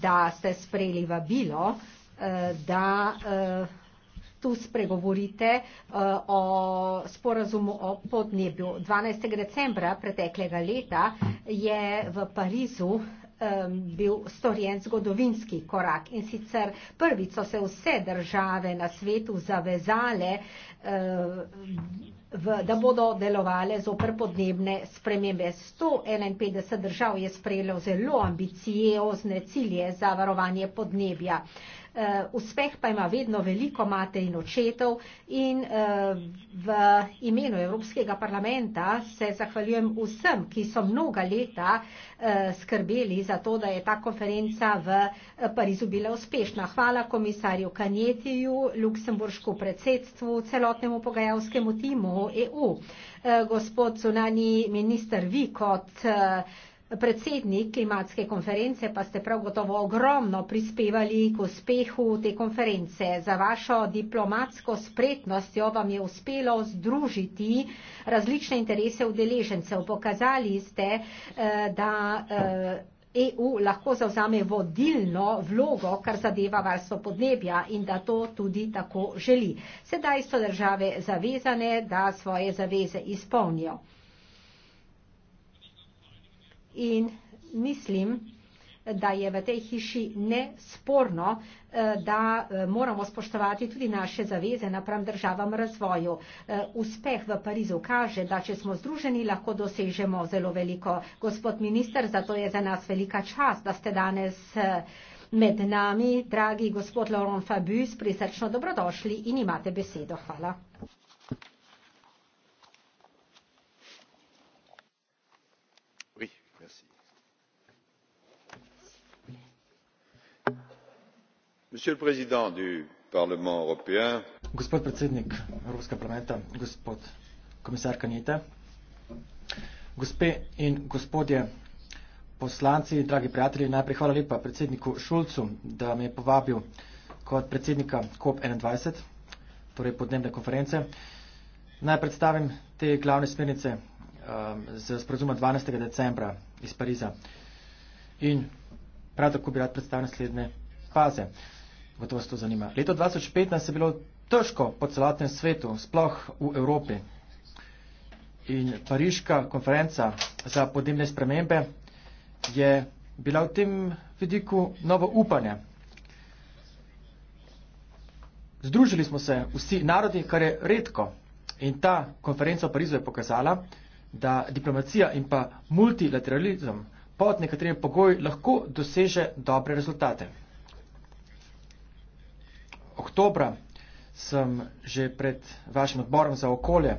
da ste sprejeli vabilo, eh, da eh, tu spregovorite eh, o sporazumu o podnebju. 12. decembra preteklega leta je v Parizu um, bil storjen zgodovinski korak. In sicer prvi so se vse države na svetu zavezale, uh, v, da bodo delovale zopr podnebne spremembe. 151 držav je sprejelo zelo ambiciozne cilje za varovanje podnebja. Uh, Eh, uspeh pa ima vedno veliko mate in očetov in eh, v imenu Evropskega parlamenta se zahvaljujem vsem, ki so mnoga leta eh, skrbeli za to, da je ta konferenca v Parizu bila uspešna. Hvala komisarju Kanjetiju, Luksemburško predsedstvu, celotnemu pogajalskemu timu EU. Gospod zunani minister, vi kot Predsednik klimatske konference pa ste prav gotovo ogromno prispevali k uspehu te konference. Za vašo diplomatsko spretnost jo vam je uspelo združiti različne interese udeležencev. Pokazali ste, eh, da EU eh, e lahko zavzame vodilno vlogo, kar zadeva varstvo podnebja in da to tudi tako želi. Sedaj so države zavezane, da svoje zaveze izpolnijo in mislim, da je v tej hiši nesporno, eh, da eh, moramo spoštovati tudi naše zaveze napram državam razvoju. Eh, uspeh v Parizu kaže, da če smo združeni, lahko dosežemo zelo veliko. Gospod minister, zato je za nas velika čas, da ste danes med nami. Dragi gospod Laurent Fabius, prisrčno dobrodošli in imate besedo. Hvala. gospod predsednik evropskega parlamenta gospod komisar caete gospe in gospodje poslanci dragi prijatelji najprej hvala lepa predsedniku šulcu da me je povabil kot predsednika cop enaindvajset torej podnebne konference naj predstavim te glavne smernice um, z sporazuma dvanajstega decembra iz pariza in prav tako bi rad predstavil naslednje faze Gotovo vas to zanima. Leto 2015 je bilo težko po celotnem svetu, sploh v Evropi. In Pariška konferenca za podnebne spremembe je bila v tem vidiku novo upanje. Združili smo se vsi narodi, kar je redko. In ta konferenca v Parizu je pokazala, da diplomacija in pa multilateralizem pod nekaterimi pogoji lahko doseže dobre rezultate oktobra sem že pred vašim odborom za okolje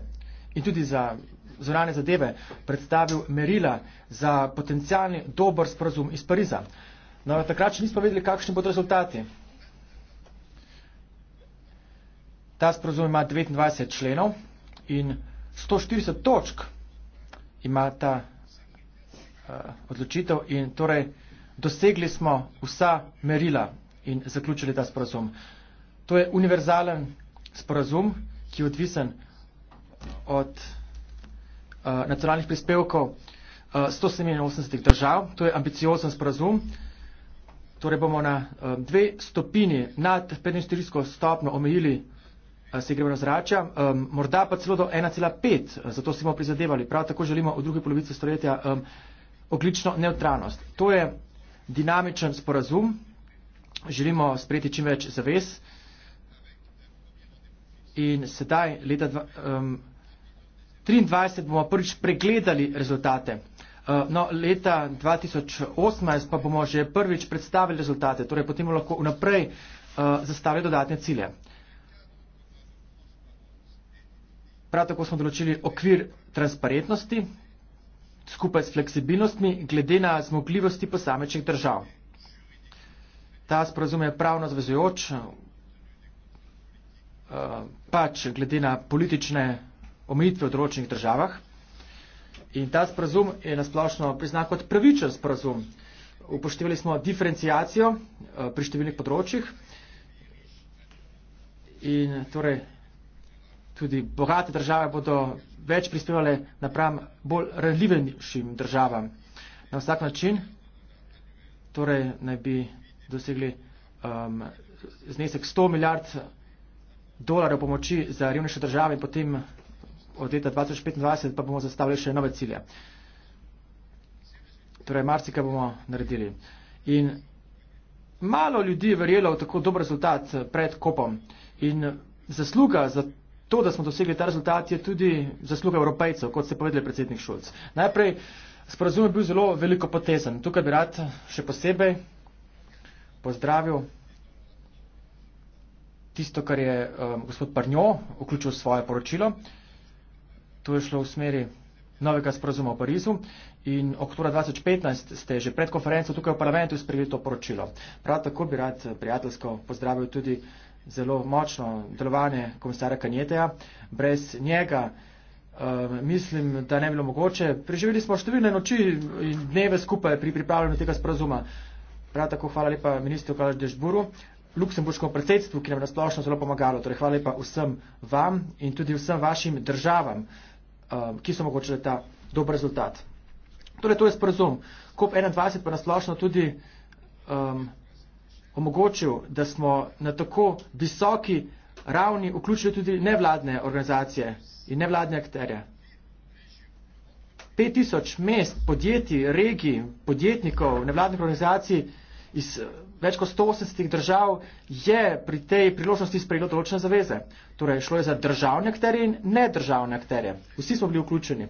in tudi za zorane zadeve predstavil merila za potencijalni dober sporazum iz Pariza. No, takrat še nismo vedeli, kakšni bodo rezultati. Ta sporazum ima 29 členov in 140 točk ima ta uh, odločitev in torej dosegli smo vsa merila in zaključili ta sporazum. Uh, To je univerzalen sporazum, ki je odvisen od uh, nacionalnih prispevkov uh, eh, 187 držav. To je ambiciozen sporazum. Torej bomo na um, dve stopini nad 45 stopno omejili uh, segrevno zrača, um, morda pa celo do 1,5, zato smo prizadevali. Prav tako želimo v drugi polovici stoletja um, oglično neutralnost. To je dinamičen sporazum, želimo sprejeti čim več zavez, uh, In sedaj, leta 2023, um, bomo prvič pregledali rezultate. Uh, no, leta 2018 pa bomo že prvič predstavili rezultate, torej potem bomo lahko vnaprej uh, zastavili dodatne cilje. Prav tako smo določili okvir transparentnosti skupaj s fleksibilnostmi glede na zmogljivosti posamečnih držav. Ta sporozum je pravno zvezujoč, Eh, pač glede na politične omejitve v določenih državah. In ta sprazum je nasplošno priznan kot pravičen sprazum. Upoštevali smo diferencijacijo eh, pri številnih področjih in torej tudi bogate države bodo več prispevale napram bolj ranljivejšim državam. Na vsak način torej naj bi dosegli um, znesek 100 milijard dolarjev pomoči za revnejše države in potem od leta 2025 pa bomo zastavili še nove cilje. Torej, marsika bomo naredili. In malo ljudi je verjelo v tako dober rezultat pred kopom. In zasluga za to, da smo dosegli ta rezultat, je tudi zasluga evropejcev, kot ste povedali predsednik Šulc. Najprej, sporozum je bil zelo veliko potezen. Tukaj bi rad še posebej pozdravil tisto, kar je um, gospod Parnjo vključil v svoje poročilo. To je šlo v smeri novega sporozuma v Parizu in oktobra 2015 ste že pred konferenco tukaj v parlamentu sprejeli to poročilo. Prav tako bi rad eh, prijateljsko pozdravil tudi zelo močno delovanje komisara Kanjeteja. Brez njega um, mislim, da ne bi bilo mogoče. Preživeli smo številne noči in dneve skupaj pri pripravljanju tega sporozuma. Prav tako hvala lepa ministru Kalaš Dežburu luksemburškemu predsedstvu, ki nam je nasplošno zelo pomagalo. Torej, hvala lepa vsem vam in tudi vsem vašim državam, um, ki so omogočili ta dober rezultat. Torej, to je sporozum. COP21 pa nasplošno tudi um, omogočil, da smo na tako visoki ravni vključili tudi nevladne organizacije in nevladne akterje. 5000 mest, podjetij, regij, podjetnikov, nevladnih organizacij iz več kot 180 držav je pri tej priložnosti sprejelo določene zaveze. Torej, šlo je za državne akterje in nedržavne akterje. Vsi smo bili vključeni.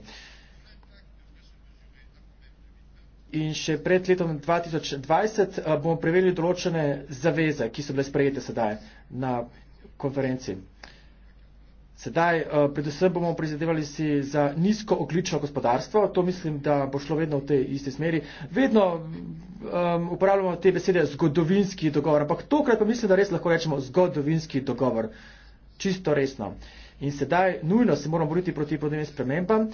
In še pred letom 2020 eh, bomo preverili določene zaveze, ki so bile sprejete sedaj na konferenci. Sedaj, eh, predvsem bomo prizadevali si za nizko oglično gospodarstvo, to mislim, da bo šlo vedno v tej isti smeri. Vedno um, uporabljamo te besede zgodovinski dogovor, ampak tokrat pa mislim, da res lahko rečemo zgodovinski dogovor. Čisto resno. In sedaj nujno se moramo boriti proti podnebnim spremembam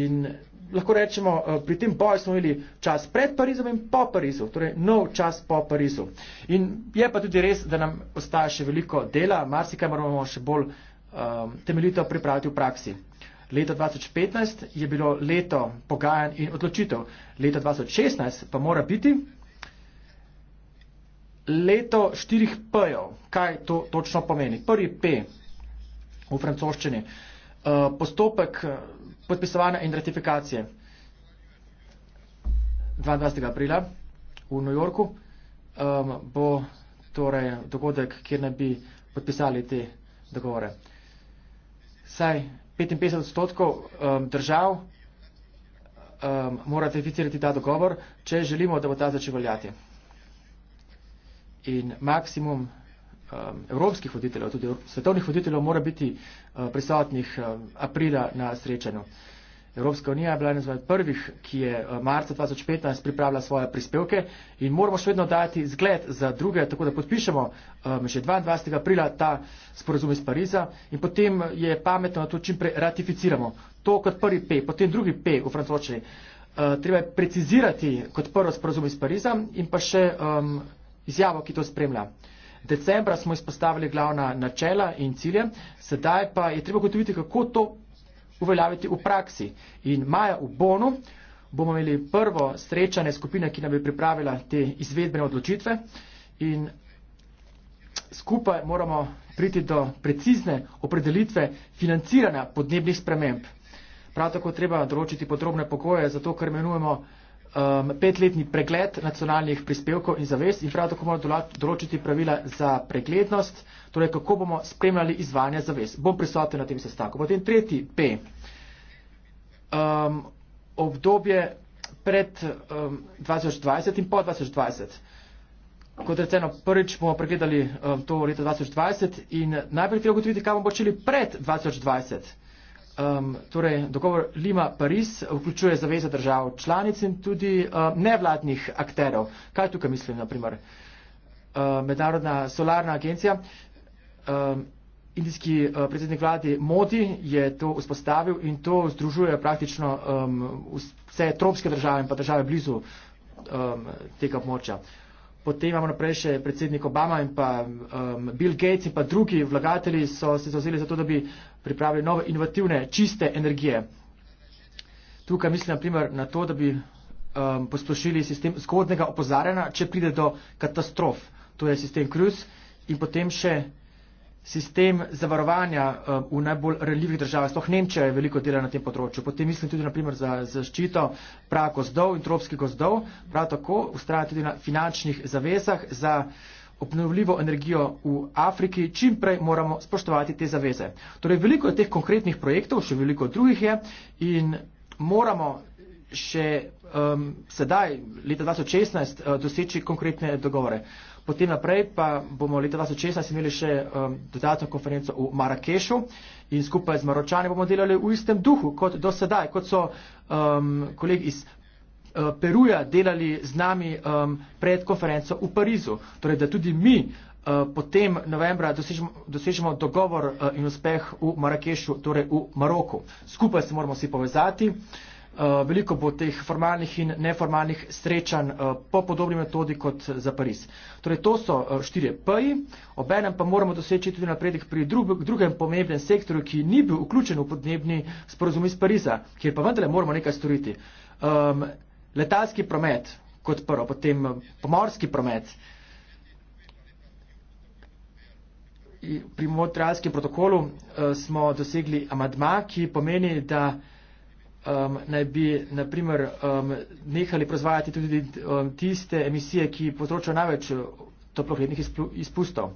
in lahko rečemo, eh, pri tem boju smo imeli čas pred Parizom in po Parizu, torej nov čas po Parizu. In je pa tudi res, da nam ostaja še veliko dela, marsikaj moramo še bolj um, temeljito pripraviti v praksi. Leto 2015 je bilo leto pogajanj in odločitev, leto 2016 pa mora biti leto štirih P-jev. Kaj to točno pomeni? Prvi P v francoščini, uh, postopek podpisovanja in ratifikacije 22. aprila v New Yorku um, bo torej dogodek, kjer naj bi podpisali te dogovore saj 55 odstotkov um, držav um, mora ratificirati ta dogovor, če želimo, da bo ta začel veljati. In maksimum um, evropskih voditeljev, tudi svetovnih voditeljev, mora biti uh, prisotnih um, aprila na srečanju. Evropska unija je bila ena izmed prvih, ki je eh, marca 2015 pripravila svoje prispevke in moramo še vedno dati zgled za druge, tako da podpišemo um, že 22. aprila ta sporozum iz Pariza in potem je pametno, da to čimprej ratificiramo. To kot prvi P, potem drugi P v francoščini. Uh, treba je precizirati kot prvo sporozum iz Pariza in pa še um, izjavo, ki to spremlja. Decembra smo izpostavili glavna načela in cilje, sedaj pa je treba gotoviti, kako to uveljaviti v praksi. In maja v Bonu bomo imeli prvo srečanje skupine, ki nam bi pripravila te izvedbene odločitve in skupaj moramo priti do precizne opredelitve financiranja podnebnih sprememb. Prav tako treba določiti podrobne pokoje za to, kar imenujemo um, petletni pregled nacionalnih prispevkov in zavez in prav tako moramo določiti pravila za preglednost, torej kako bomo spremljali izvajanje zavez. Bom prisoten na tem sestanku. Potem tretji P. Um, obdobje pred um, 2020 in po 2020. Kot rečeno, prvič bomo pregledali um, to leto 2020 in najprej treba ugotoviti, kaj bomo počeli pred 2020. Um, torej, dogovor Lima-Pariz vključuje zaveze držav članic in tudi um, nevladnih akterov. Kaj tukaj mislim, naprimer? Um, uh, Mednarodna solarna agencija, um, indijski uh, predsednik vladi Modi je to vzpostavil in to združuje praktično um, vse tropske države in pa države blizu um, tega območja. Uh, Potem imamo naprej še predsednik Obama in pa um, Bill Gates in pa drugi vlagatelji so se zauzeli za to, da bi pripravili nove inovativne čiste energije. Tukaj mislim na primer na to, da bi um, posplošili sistem zgodnega opozarjanja, če pride do katastrof. To je sistem Cruz in potem še sistem zavarovanja eh, v najbolj reljivih državah, sploh Nemčija je veliko dela na tem področju. Potem mislim tudi naprimer za zaščito prav gozdov in tropskih gozdov, prav tako ustraja tudi na finančnih zavezah za obnovljivo energijo v Afriki, čim prej moramo spoštovati te zaveze. Torej veliko je teh konkretnih projektov, še veliko drugih je in moramo še um, sedaj, leta 2016, uh, doseči konkretne dogovore. Potem naprej pa bomo leta 2016 imeli še um, dodatno konferenco v Marakešu in skupaj z Maročani bomo delali v istem duhu kot do sedaj, kot so um, kolegi iz uh, Peruja delali z nami um, pred konferenco v Parizu. Torej, da tudi mi uh, potem novembra dosežemo, dosežemo dogovor uh, in uspeh v Marakešu, torej v Maroku. Skupaj se moramo vsi povezati. Uh, Eh, veliko bo teh formalnih in neformalnih srečanj eh, po podobni metodi kot za Pariz. Torej, to so eh, štiri P-ji, obenem pa moramo doseči tudi napredek pri drugem pomembnem sektorju, ki ni bil vključen v podnebni sporozum iz Pariza, kjer pa vendarle moramo nekaj storiti. Um, letalski promet kot prvo, potem pomorski promet. Pri Montrealskem protokolu smo dosegli amadma, ki pomeni, da um, naj bi naprimer um, nehali proizvajati tudi um, tiste emisije, ki povzročajo največ toplogrednih izpustov.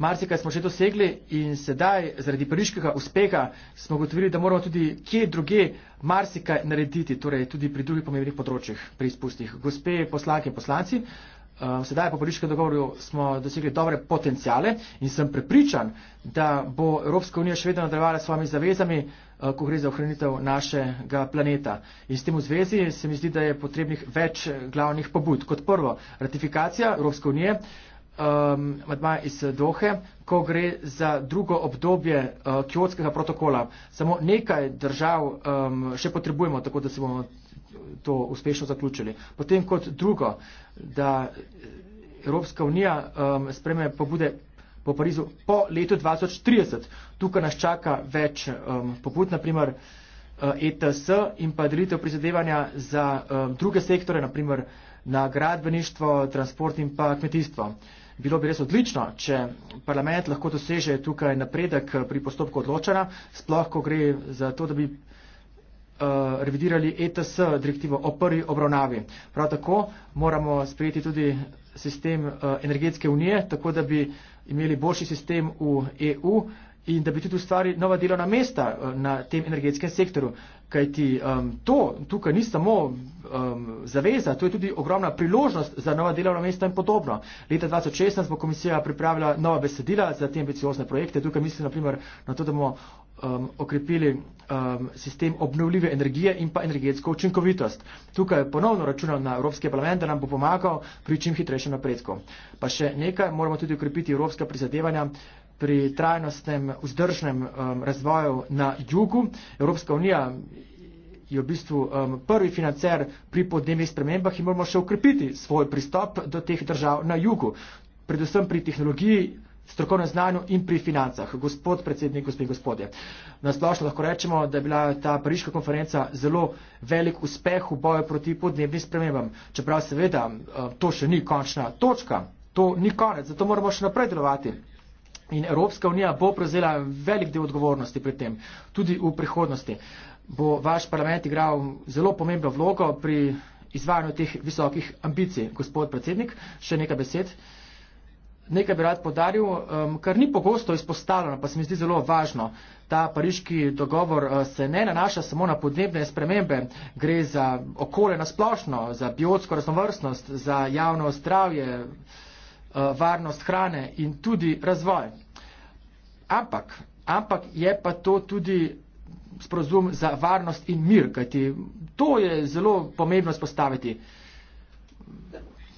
Marsikaj smo že dosegli in sedaj zaradi pariškega uspeha smo gotovili, da moramo tudi kje druge marsikaj narediti, torej tudi pri drugih pomembnih področjih pri izpustih. Gospe poslanke in poslanci, Eh, sedaj po političkem dogovoru smo dosegli dobre potencijale in sem prepričan, da bo Evropska unija še vedno nadaljevala s svojimi zavezami, eh, ko gre za ohranitev našega planeta. In s tem v zvezi se mi zdi, da je potrebnih več eh, glavnih pobud. Kot prvo, ratifikacija Evropske unije, ehm, madma iz Dohe, ko gre za drugo obdobje kjotskega protokola. Samo nekaj držav ehm, še potrebujemo, tako da se bomo to uspešno zaključili. Potem kot drugo, da Evropska unija um, spreme pobude po Parizu po letu 2030. Tukaj nas čaka več um, pobud, naprimer uh, ETS in pa delitev prizadevanja za um, druge sektore, naprimer na gradbeništvo, transport in pa kmetijstvo. Bilo bi res odlično, če parlament lahko doseže tukaj napredek pri postopku odločanja, sploh ko gre za to, da bi Eh, revidirali ETS direktivo o prvi obravnavi. Prav tako moramo sprejeti tudi sistem eh, energetske unije, tako da bi imeli boljši sistem v EU in da bi tudi ustvarili nova delovna mesta eh, na tem energetskem sektoru. Kaj ti um, to tukaj ni samo um, zaveza, to je tudi ogromna priložnost za nova delovna mesta in podobno. Leta 2016 bo komisija pripravila nova besedila za te ambiciozne projekte. Tukaj mislim na primer na to, da bomo um, okrepili um, sistem obnovljive energije in pa energetsko učinkovitost. Tukaj ponovno računam na Evropski parlament, da nam bo pomagal pri čim hitrejšem napredku. Pa še nekaj, moramo tudi okrepiti evropska prizadevanja pri trajnostnem, vzdržnem um, razvoju na jugu. Evropska unija je v bistvu um, prvi financer pri podnebnih spremembah in moramo še okrepiti svoj pristop do teh držav na jugu, predvsem pri tehnologiji strokovnem znanju in pri financah. Gospod predsednik, gospe in gospodje, nasplošno lahko rečemo, da je bila ta pariška konferenca zelo velik uspeh v boju proti podnebnim spremembam, čeprav seveda eh, to še ni končna točka, to ni konec, zato moramo še naprej delovati. In Evropska unija bo prevzela velik del odgovornosti pri tem, tudi v prihodnosti. Bo vaš parlament igral zelo pomembno vlogo pri izvajanju teh visokih ambicij. Gospod predsednik, še nekaj besed. Uh, nekaj bi rad podaril, um, kar ni pogosto izpostavljeno, pa se mi zdi zelo važno. Ta pariški dogovor uh, se ne nanaša samo na podnebne spremembe, gre za okolje nasplošno, za biotsko raznovrstnost, za javno zdravje, uh, varnost hrane in tudi razvoj. Ampak, ampak je pa to tudi sporozum za varnost in mir, kajti to je zelo pomembno spostaviti.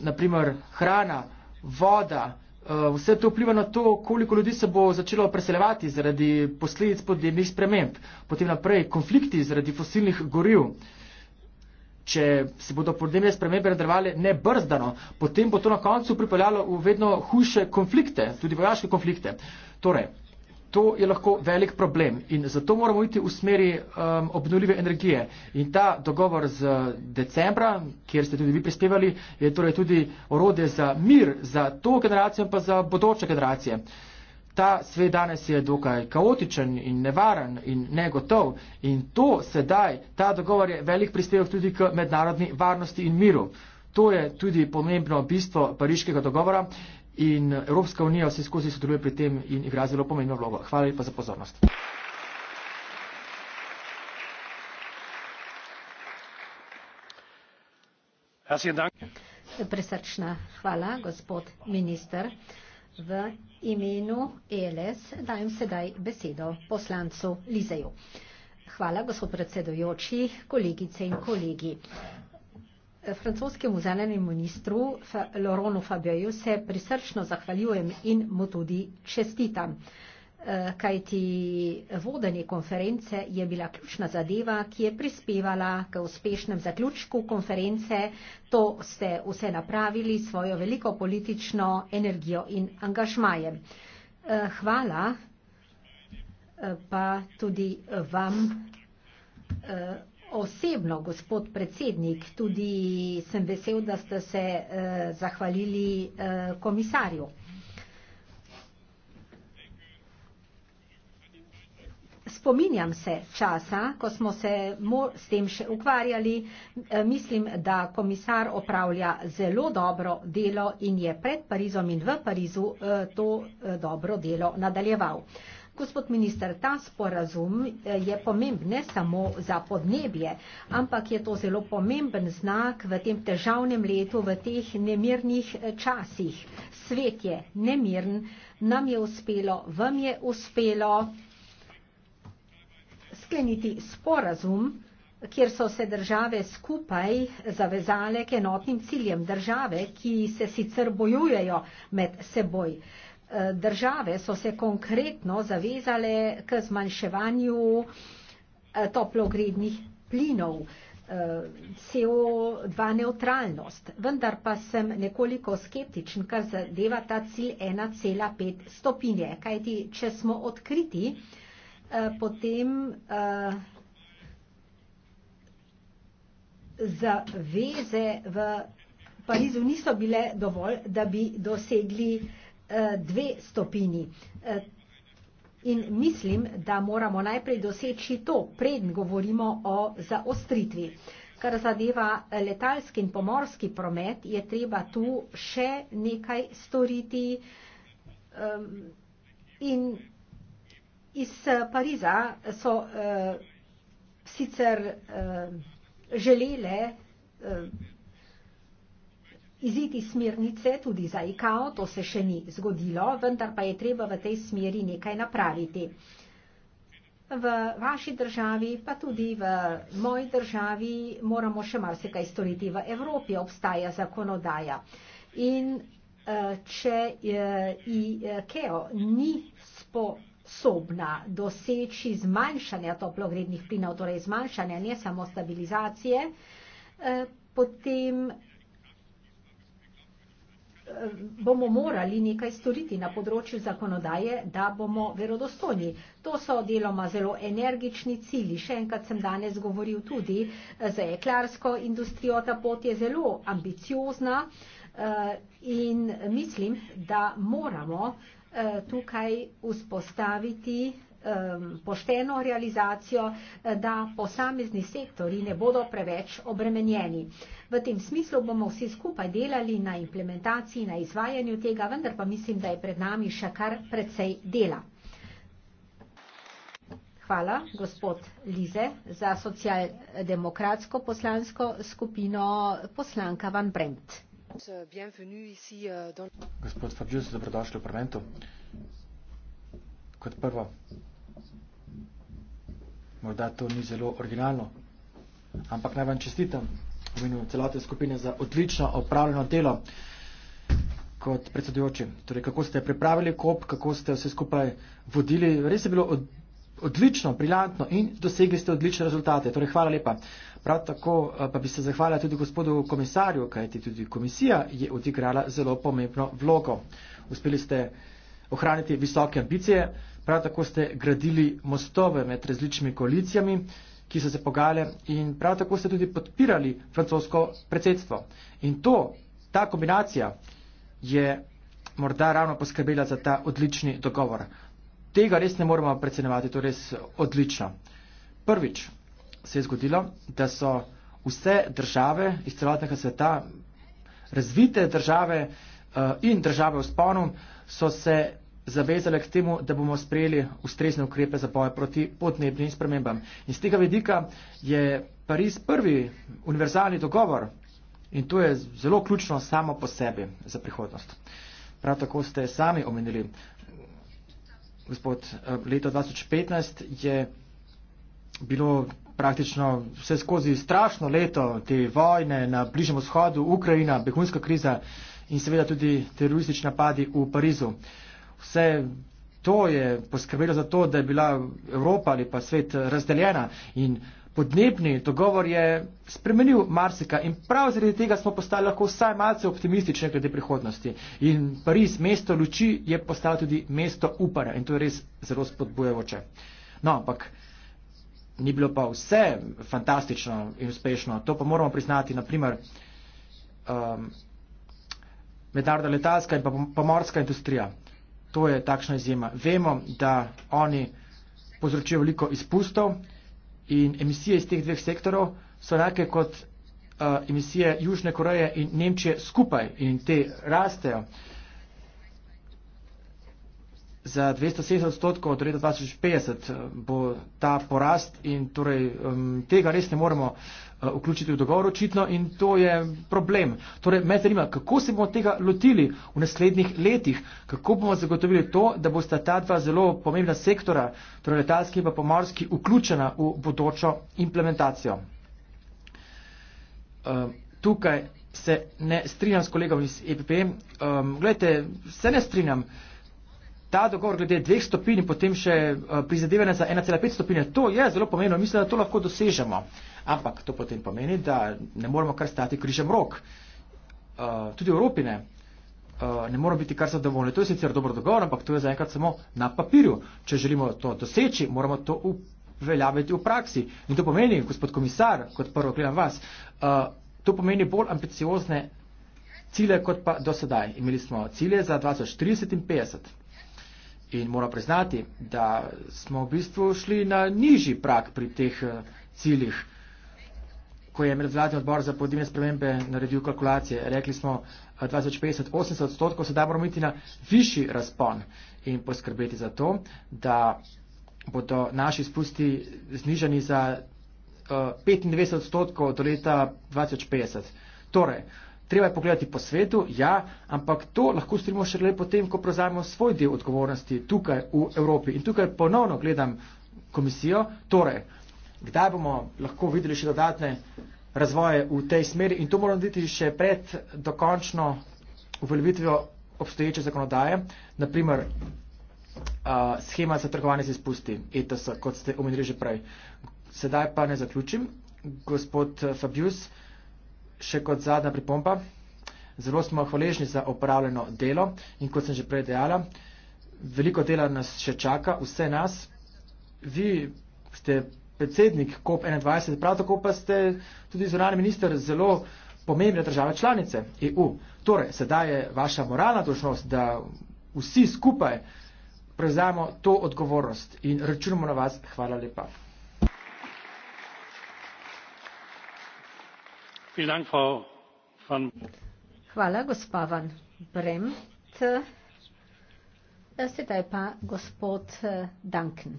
Naprimer, hrana, voda, Eh, vse to vpliva na to, koliko ljudi se bo začelo preseljevati zaradi posledic podnebnih sprememb, potem naprej konflikti zaradi fosilnih goriv. Če se bodo podnebne spremembe nadaljevale nebrzdano, potem bo to na koncu pripeljalo v vedno hujše konflikte, tudi vojaške konflikte. Torej, To je lahko velik problem in zato moramo iti v smeri um, obnovljive energije. In ta dogovor z decembra, kjer ste tudi vi prispevali, je torej tudi orode za mir za to generacijo in pa za bodoče generacije. Ta svet danes je dokaj kaotičen in nevaren in negotov in to sedaj, ta dogovor je velik prispevek tudi k mednarodni varnosti in miru. To je tudi pomembno bistvo pariškega dogovora in Evropska unija vse skozi sodeluje pri tem in igra zelo pomembno vlogo. Hvala lepa za pozornost. Presrčna hvala, gospod minister. V imenu ELS dajem sedaj besedo poslancu Lizeju. Hvala, gospod predsedojoči, kolegice in kolegi francoskemu zelenemu ministru Loronu Fabioju se prisrčno zahvaljujem in mu tudi čestitam. Eh, kajti vodenje konference je bila ključna zadeva, ki je prispevala k uspešnem zaključku konference. To ste vse napravili s svojo veliko politično energijo in angažmajem. Eh, hvala eh, pa tudi vam osebno, gospod predsednik, tudi sem vesel, da ste se eh, zahvalili eh, komisarju. Spominjam se časa, ko smo se s tem še ukvarjali. Eh, mislim, da komisar opravlja zelo dobro delo in je pred Parizom in v Parizu eh, to eh, dobro delo nadaljeval. Gospod minister, ta sporazum eh, je pomemben ne samo za podnebje, ampak je to zelo pomemben znak v tem težavnem letu, v teh nemirnih eh, časih. Svet je nemirn, nam je uspelo, vam je uspelo skleniti sporazum, kjer so se države skupaj zavezale k enotnim ciljem države, ki se sicer bojujejo med seboj. Eh, države so se konkretno zavezale k zmanjševanju eh, toplogrednih plinov, eh, CO2 neutralnost. Vendar pa sem nekoliko skeptičen, kar zadeva ta cilj 1,5 stopinje. Kajti, če smo odkriti, potem zaveze v Parizu niso bile dovolj, da bi dosegli Eh, dve stopini. Eh, in mislim, da moramo najprej doseči to, preden govorimo o zaostritvi. Kar zadeva letalski in pomorski promet, je treba tu še nekaj storiti. In iz Pariza so eh, sicer želele Iziti smernice tudi za ICAO, to se še ni zgodilo, vendar pa je treba v tej smeri nekaj napraviti. V vaši državi, pa tudi v moji državi, moramo še marsikaj storiti. V Evropi obstaja zakonodaja. In eh, če eh, ICAO ni sposobna doseči zmanjšanja toplogrednih plinov, torej zmanjšanja ne samo stabilizacije, eh, potem bomo morali nekaj storiti na področju zakonodaje, da bomo verodostojni. To so deloma zelo energični cilji. Še enkrat sem danes govoril tudi eh, za eklarsko industrijo. Ta pot je zelo ambiciozna eh, in mislim, da moramo eh, tukaj vzpostaviti ehm, pošteno realizacijo, da posamezni sektori ne bodo preveč obremenjeni. V tem smislu bomo vsi skupaj delali na implementaciji, na izvajanju tega, vendar pa mislim, da je pred nami še kar precej dela. Hvala, gospod Lize, za socialdemokratsko poslansko skupino poslanka Van Brent. Gospod Fabius, dobrodošli v parlamentu. Kot prvo, morda to ni zelo originalno, ampak naj vam čestitam imenu celate skupine za odlično opravljeno delo kot predsedujoči. Torej, kako ste pripravili kop, kako ste vse skupaj vodili. Res je bilo od, odlično, briljantno in dosegli ste odlične rezultate. Torej, hvala lepa. Prav tako eh, pa bi se zahvala tudi gospodu komisarju, kajti tudi komisija je odigrala zelo pomembno vlogo. Uspeli ste ohraniti visoke ambicije, prav tako ste gradili mostove med različnimi koalicijami ki so se pogajale in prav tako ste tudi podpirali francosko predsedstvo. In to, ta kombinacija je morda ravno poskrbela za ta odlični dogovor. Tega res ne moremo predsedovati, to je res odlično. Prvič se je zgodilo, da so vse države iz celotnega sveta, razvite države eh, in države v sponu, so se zavezale k temu, da bomo sprejeli ustrezne ukrepe za boj proti podnebnim spremembam. In z tega vedika je Pariz prvi univerzalni dogovor in to je zelo ključno samo po sebi za prihodnost. Prav tako ste sami omenili, gospod, eh, leto 2015 je bilo praktično vse skozi strašno leto te vojne na Bližnem vzhodu, Ukrajina, begunska kriza in seveda tudi teroristični napadi v Parizu vse to je poskrbelo za to, da je bila Evropa ali pa svet razdeljena in podnebni dogovor je spremenil marsika in prav zaradi tega smo postali lahko vsaj malce optimistični glede prihodnosti. In Pariz, mesto luči, je postalo tudi mesto upanja in to je res zelo spodbujevoče. No, ampak ni bilo pa vse fantastično in uspešno, to pa moramo priznati, naprimer, um, mednarodna letalska in pa pomorska industrija to je takšna izjema. Vemo, da oni povzročijo veliko izpustov in emisije iz teh dveh sektorov so enake kot uh, emisije Južne Koreje in Nemčije skupaj in te rastejo. Uh, za 270 odstotkov do leta 2050 eh, bo ta porast in torej um, tega res ne moremo uh, vključiti v dogovor očitno in to je problem. Torej, me zanima, kako se bomo tega lotili v naslednjih letih, kako bomo zagotovili to, da bosta ta dva zelo pomembna sektora, torej letalski in pomorski, vključena v bodočo implementacijo. Uh, tukaj se ne strinjam s kolegom iz EPP. Um, gledajte, se ne strinjam ta dogovor glede dveh stopinj in potem še eh, prizadevanja za 1,5 stopinje, to je zelo pomembno, mislim, da to lahko dosežemo. Ampak to potem pomeni, da ne moramo kar stati križem rok. Eh, tudi Evropine eh, ne moramo biti kar zadovoljni. To je sicer dober dogovor, ampak to je zaenkrat samo na papirju. Če želimo to doseči, moramo to uveljaviti v praksi. In to pomeni, gospod komisar, kot prvo gledam vas, to pomeni bolj ambiciozne cilje kot pa do sedaj. Imeli smo cilje za 2030 in 2050. In moram priznati, da smo v bistvu šli na nižji prak pri teh eh, ciljih. Ko je medvladni odbor za podnebne spremembe naredil kalkulacije, rekli smo 2050-80 eh, odstotkov, sedaj moramo iti na višji razpon in poskrbeti za to, da bodo naši spusti znižani za 95 eh, odstotkov do leta 2050. Torej, treba je pogledati po svetu, ja, ampak to lahko storimo šele potem, ko prevzamemo svoj del odgovornosti tukaj v Evropi. In tukaj ponovno gledam komisijo, torej, kdaj bomo lahko videli še dodatne razvoje v tej smeri in to moramo narediti še pred dokončno uveljavitvijo obstoječe zakonodaje, naprimer uh, schema za trgovanje z izpusti, ETS, kot ste omenili že prej. Sedaj pa ne zaključim. Gospod Fabius, uh, še kot zadnja pripomba. Zelo smo hvaležni za opravljeno delo in kot sem že prej dejala, veliko dela nas še čaka, vse nas. Vi ste predsednik COP21, prav tako pa ste tudi zunani minister zelo pomembne države članice EU. Torej, sedaj je vaša moralna dožnost, da vsi skupaj prevzamemo to odgovornost in računamo na vas. Hvala lepa. Hvala, gospa Van Bremt. Eh, sedaj pa gospod eh, Duncan.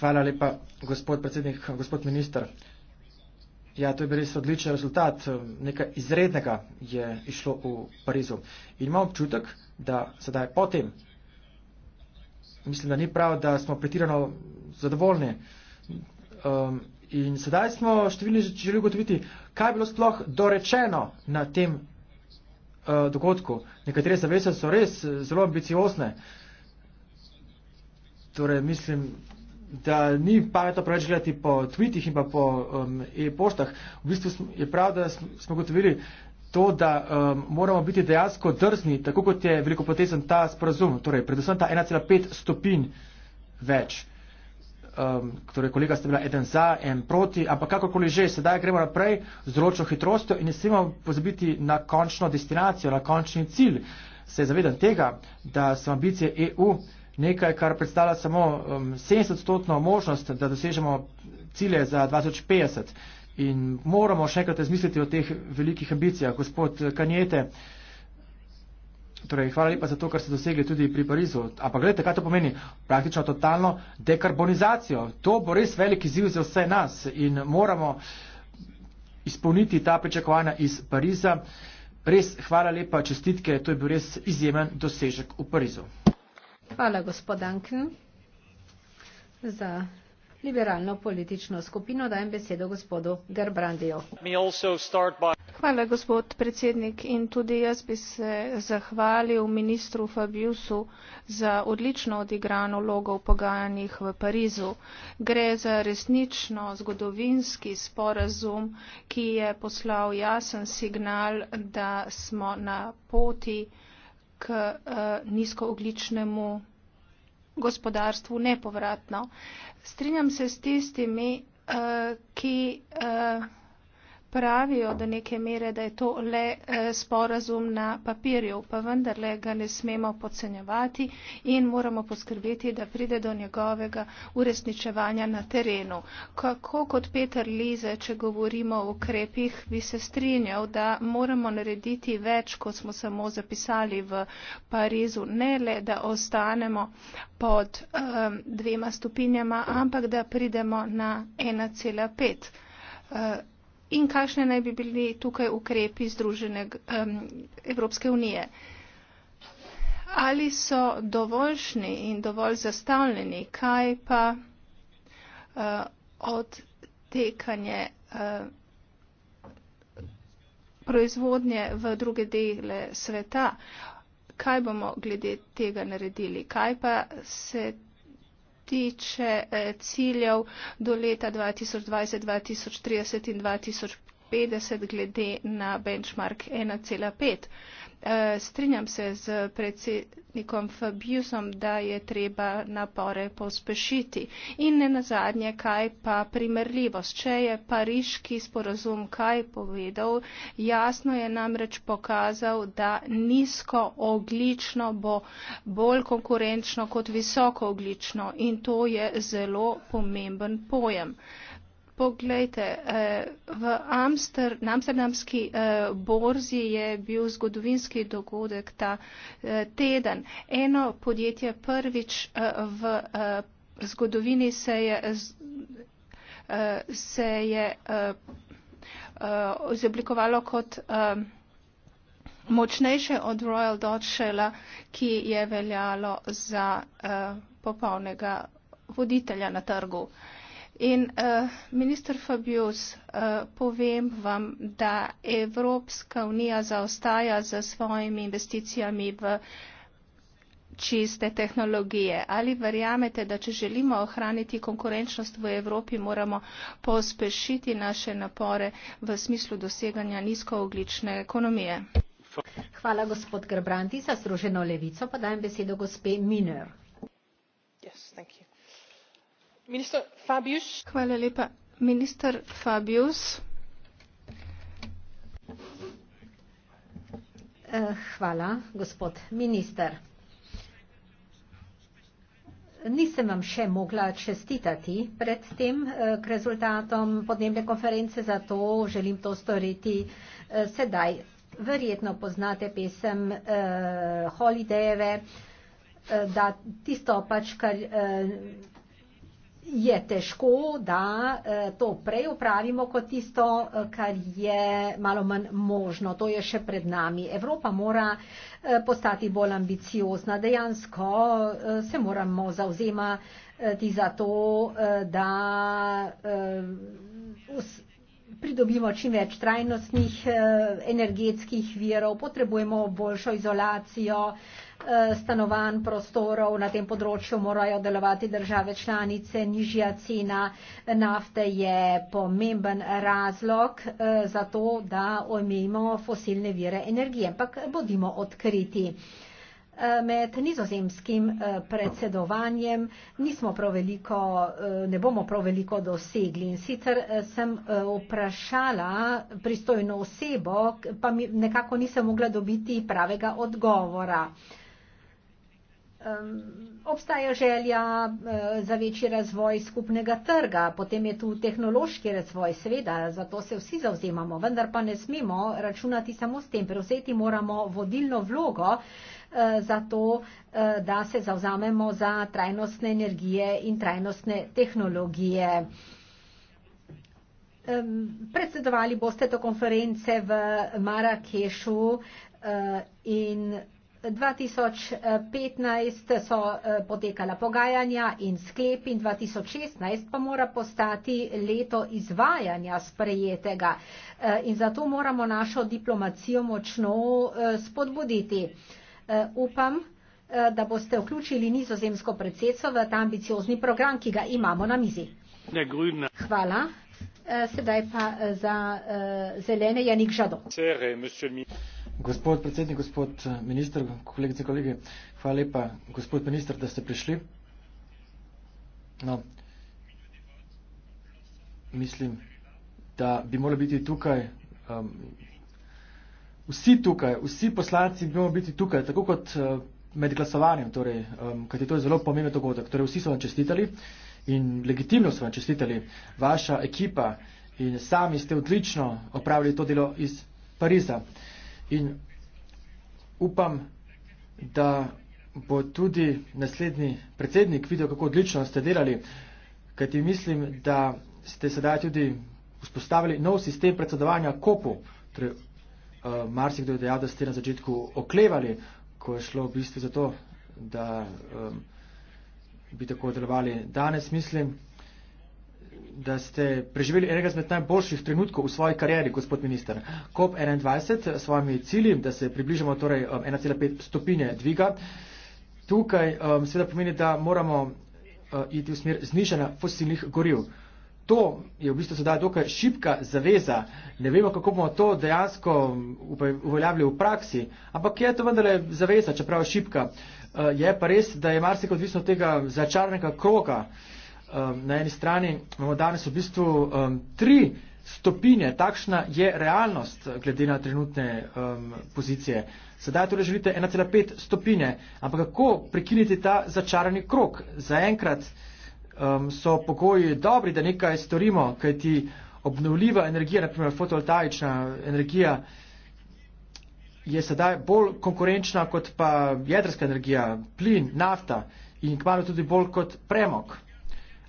Hvala lepa, gospod predsednik, gospod minister. Ja, to je bil res odličen rezultat. Nekaj izrednega je išlo v Parizu. In imam občutek, da sedaj potem. Mislim, da ni prav, da smo pretirano zadovoljni. Um, in sedaj smo številni želeli ugotoviti, kaj je bilo sploh dorečeno na tem uh, dogodku. Nekatere zavese so res eh, zelo ambiciozne. Torej, mislim, da ni pametno preveč gledati po tweetih in pa po um, e-poštah. V bistvu je prav, da smo ugotovili to, da um, moramo biti dejansko drzni, tako kot je velikopotezen ta sporazum, torej predvsem ta 1,5 stopinj več um, torej kolega ste bila eden za, en proti, ampak kakorkoli že, sedaj gremo naprej z določeno hitrostjo in ne smemo pozabiti na končno destinacijo, na končni cilj. Se zavedam tega, da so ambicije EU nekaj, kar predstavlja samo um, 70 odstotno možnost, da dosežemo cilje za 2050. In moramo še enkrat razmisliti o teh velikih ambicijah. Gospod Kanjete, uh, Torej, hvala lepa za to, kar ste dosegli tudi pri Parizu. Ampak gledajte, kaj to pomeni? Praktično totalno dekarbonizacijo. To bo res veliki ziv za vse nas in moramo izpolniti ta pričakovanja iz Pariza. Res hvala lepa, čestitke, to je bil res izjemen dosežek v Parizu. Hvala gospod Anken za liberalno politično skupino dajem besedo gospodu Garbrandiju. Hvala, gospod predsednik. In tudi jaz bi se zahvalil ministru Fabiusu za odlično odigrano vlogo v pogajanjih v Parizu. Gre za resnično zgodovinski sporazum, ki je poslal jasen signal, da smo na poti k eh, nizkoogličnemu gospodarstvu nepovratno. Strinjam se s tistimi, eh, ki eh, pravijo do neke mere, da je to le eh, sporazum na papirju, pa vendarle ga ne smemo podcenjevati in moramo poskrbeti, da pride do njegovega uresničevanja na terenu. Kako kot Peter Lize, če govorimo o ukrepih, bi se strinjal, da moramo narediti več, kot smo samo zapisali v Parizu, ne le, da ostanemo pod um, dvema stopinjama, ampak da pridemo na 1,5. Uh, in kakšne naj bi bili tukaj ukrepi Združene um, Evropske unije. Ali so dovoljšni in dovolj zastavljeni, kaj pa uh, odtekanje uh, proizvodnje v druge dele sveta? Kaj bomo glede tega naredili? Kaj pa se tiče eh, ciljev do leta 2020, 2030 in 2050. 50 glede na benchmark 1,5. Eh, strinjam se z predsednikom Fabiusom, da je treba napore pospešiti. In ne nazadnje, kaj pa primerljivost. Če je pariški sporozum kaj povedal, jasno je namreč pokazal, da nizko oglično bo bolj konkurenčno kot visoko oglično in to je zelo pomemben pojem. Poglejte, eh, v Amster, na amsterdamski eh, borzi je bil zgodovinski dogodek ta eh, teden. Eno podjetje prvič v zgodovini se je, se je izoblikovalo kot močnejše od Royal Dutch Shella, ki je veljalo za popolnega voditelja na trgu. In uh, minister Fabius, uh, povem vam, da Evropska unija zaostaja za svojimi investicijami v čiste tehnologije. Ali verjamete, da če želimo ohraniti konkurenčnost v Evropi, moramo pospešiti naše napore v smislu doseganja nizkooglične ekonomije? Hvala, gospod Grbranti. Za Združeno levico pa dajem besedo gospe Miner. Yes, thank you minister fabius eh, hvala gospod minister nisem vam še mogla čestitati pred tem eh, k rezultatom podnebne konference zato želim to storiti eh, sedaj verjetno poznate pesem uh, holidejeve da tisto pač kar uh, je težko, da eh, to prej upravimo kot tisto, eh, kar je malo manj možno. To je še pred nami. Evropa mora eh, postati bolj ambiciozna. Dejansko se moramo zauzemati za to, da pridobimo čim več trajnostnih energetskih virov, potrebujemo boljšo izolacijo, Eh, stanovanj, prostorov na tem področju morajo delovati države članice. Nižja cena nafte je pomemben razlog eh, za to, da omejimo fosilne vire energije. Ampak bodimo odkriti. Eh, med nizozemskim predsedovanjem nismo prav veliko, ne bomo prav veliko dosegli in sicer sem vprašala pristojno osebo, pa nekako nisem mogla dobiti pravega odgovora. Um, obstaja želja uh, za večji razvoj skupnega trga, potem je tu tehnološki razvoj, seveda, zato se vsi zauzemamo, vendar pa ne smemo računati samo s tem, prevzeti moramo vodilno vlogo uh, za to, uh, da se zauzamemo za trajnostne energije in trajnostne tehnologije. Um, predsedovali boste to konference v Marrakešu uh, in. 2015 so eh, potekala pogajanja in sklep in 2016 pa mora postati leto izvajanja sprejetega eh, in zato moramo našo diplomacijo močno eh, spodbuditi. Upam, da boste vključili nizozemsko predsedstvo v ta ambiciozni program, ki ga imamo na mizi. Hvala. Sedaj pa za zelene Janik Žado. Sere, Gospod predsednik, gospod eh, minister, kolegice in kolegi, hvala lepa, gospod minister, da ste prišli. No, mislim, da bi morali biti tukaj, um, vsi tukaj, vsi poslanci bi morali biti tukaj, tako kot uh, med glasovanjem, torej, um, kajti to je zelo pomemben dogodek. Torej, vsi so vam čestitali in legitimno so vam čestitali, vaša ekipa in sami ste odlično opravili to delo iz Pariza. In upam, da bo tudi naslednji predsednik videl, kako odlično ste delali, kajti mislim, da ste sedaj tudi vzpostavili nov sistem predsedovanja kopu. Torej, uh, marsikdo je dejal, da ste na začetku oklevali, ko je šlo v bistvu za to, da um, bi tako delovali. Danes mislim, da ste preživeli enega zmed najboljših trenutkov v svoji karieri, gospod minister. COP21 eh, s svojimi cilji, da se približamo torej 1,5 eh, stopinje dviga. Tukaj um, seveda pomeni, da moramo uh, iti v smer znižanja fosilnih goriv. To je v bistvu sedaj dokaj šipka zaveza. Ne vemo, kako bomo to dejansko uveljavljali v praksi, ampak je to vendarle zaveza, čeprav je šipka. Uh, je pa res, da je marsik odvisno od tega začarnega kroga. Uh, um, na eni strani imamo danes v bistvu um, tri stopinje, takšna je realnost eh, glede na trenutne um, pozicije. Sedaj torej želite 1,5 stopinje, ampak kako prekiniti ta začarani krok? Zaenkrat um, so pogoji dobri, da nekaj storimo, kajti obnovljiva energija, naprimer fotovoltaična energija, je sedaj bolj konkurenčna kot pa jedrska energija, plin, nafta in kmalo tudi bolj kot premog.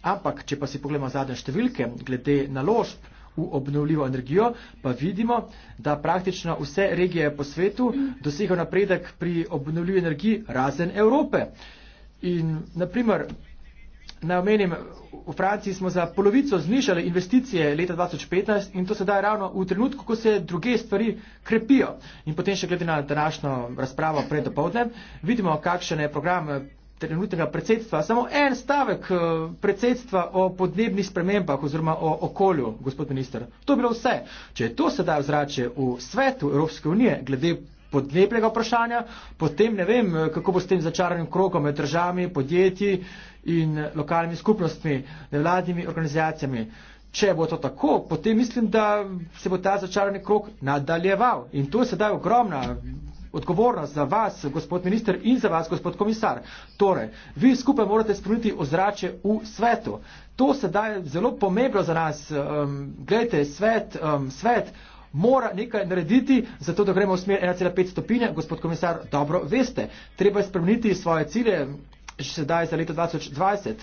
Ampak, če pa si pogledamo zadnje številke glede naložb v obnovljivo energijo, pa vidimo, da praktično vse regije po svetu dosegajo napredek pri obnovljivi energiji razen Evrope. In naprimer, naj omenim, v Franciji smo za polovico znižali investicije leta 2015 in to se daje ravno v trenutku, ko se druge stvari krepijo. In potem še glede na današnjo razpravo pred dopovdnem, vidimo, kakšen je program trenutnega predsedstva, samo en stavek eh, predsedstva o podnebnih spremembah oziroma o okolju, gospod minister. To je bilo vse. Če je to sedaj vzrače v svetu Evropske unije glede podnebnega vprašanja, potem ne vem, eh, kako bo s tem začaranim krokom med državami, podjetji in lokalnimi skupnostmi, nevladnimi organizacijami. Če bo to tako, potem mislim, da se bo ta začarani krok nadaljeval. In to je sedaj ogromna odgovornost za vas, gospod minister, in za vas, gospod komisar. Torej, vi skupaj morate spremeniti ozrače v svetu. To se daje zelo pomembno za nas. Um, Glejte, svet, um, svet mora nekaj narediti, zato da gremo v smer 1,5 stopinje. Gospod komisar, dobro veste, treba je spremeniti svoje cilje, že sedaj za leto 2020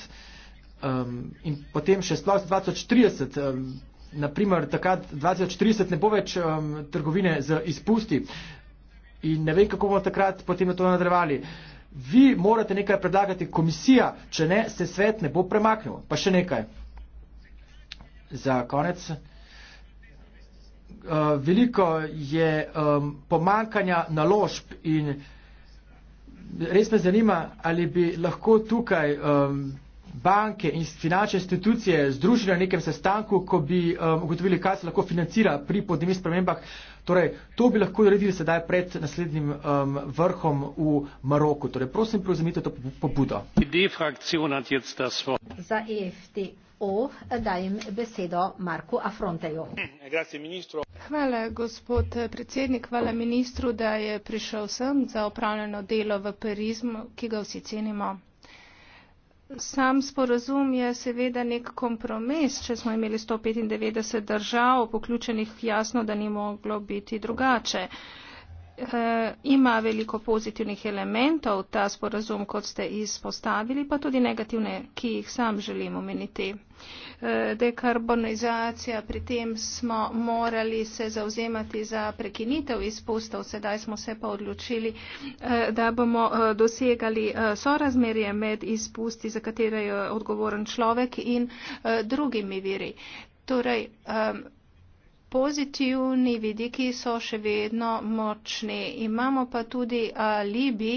um, in potem še sploh 2030. Um, naprimer, takrat 2030 ne bo več um, trgovine z izpusti in ne vem, kako bomo takrat potem na to nadrevali. Vi morate nekaj predlagati, komisija, če ne, se svet ne bo premaknil. Pa še nekaj. Za konec. Eh, veliko je um, pomankanja naložb in res me zanima, ali bi lahko tukaj um, banke in finančne institucije združili na nekem sestanku, ko bi um, ugotovili, kaj se lahko financira pri podnebnih spremembah. Uh, Torej, to bi lahko naredili sedaj pred naslednjim um, vrhom v Maroku. Torej, prosim, prevzemite to pobudo. Za EFTO eh, dajem besedo Marku Afronteju. Eh, Hvala, gospod eh, predsednik. Hvala ministru, da je prišel sem za opravljeno delo v Parizmu, ki ga vsi cenimo. Sam sporozum je seveda nek kompromis, če smo imeli 195 držav, poključenih jasno, da ni moglo biti drugače. Eh, ima veliko pozitivnih elementov ta sporazum, kot ste izpostavili, pa tudi negativne, ki jih sam želim omeniti. Eh, dekarbonizacija, pri tem smo morali se zauzemati za prekinitev izpustov, sedaj smo se pa odločili, eh, da bomo dosegali sorazmerje med izpusti, za katere je odgovoren človek in drugimi viri. Torej, Pozitivni vidiki so še vedno močni. Imamo pa tudi alibi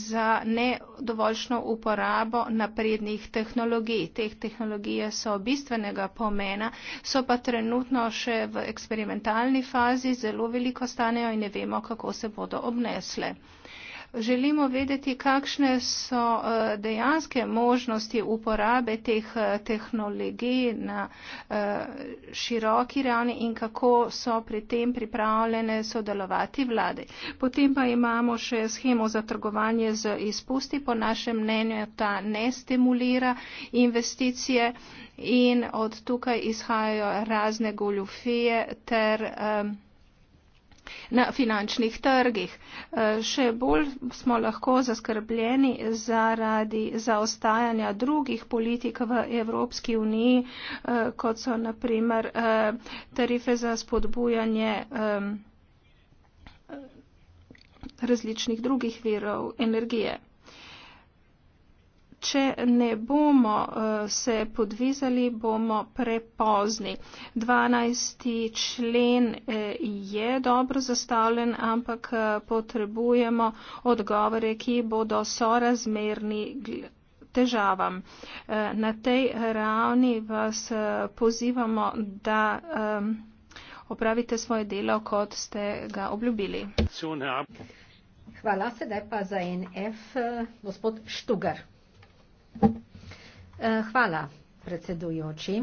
za nedovoljšno uporabo naprednih tehnologij. Teh tehnologij so bistvenega pomena, so pa trenutno še v eksperimentalni fazi, zelo veliko stanejo in ne vemo, kako se bodo obnesle želimo vedeti, kakšne so eh, dejanske možnosti uporabe teh eh, tehnologij na eh, široki ravni in kako so pri tem pripravljene sodelovati vlade. Potem pa imamo še schemo za trgovanje z izpusti. Po našem mnenju ta ne stimulira investicije in od tukaj izhajajo razne goljufije ter. Um, na finančnih trgih. Eh, še bolj smo lahko zaskrbljeni zaradi zaostajanja drugih politik v Evropski uniji, eh, kot so naprimer eh, tarife za spodbujanje različnih drugih virov energije. Če ne bomo uh, se podvizali, bomo prepozni. 12. člen uh, je dobro zastavljen, ampak uh, potrebujemo odgovore, ki bodo sorazmerni težavam. Uh, na tej ravni vas uh, pozivamo, da um, opravite svoje delo, kot ste ga obljubili. Hvala, sedaj pa za e NF, gospod Štugar. Eh, hvala, predsedujoči.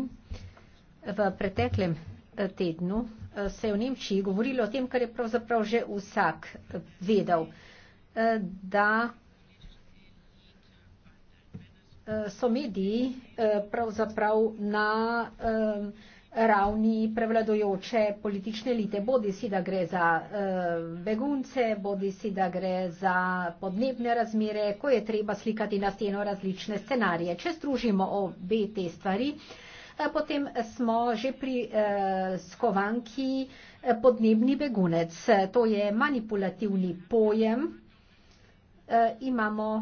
V preteklem eh, tednu eh, se je v Nemčiji govorilo o tem, kar je pravzaprav že vsak vedel, da so mediji pravzaprav na ravni prevladojoče politične elite, bodi si da gre za uh, begunce, bodi si da gre za podnebne razmere, ko je treba slikati na steno različne scenarije. Če združimo obe te stvari, eh, Potem smo že pri eh, skovanki eh, podnebni begunec. To je manipulativni pojem. Eh, imamo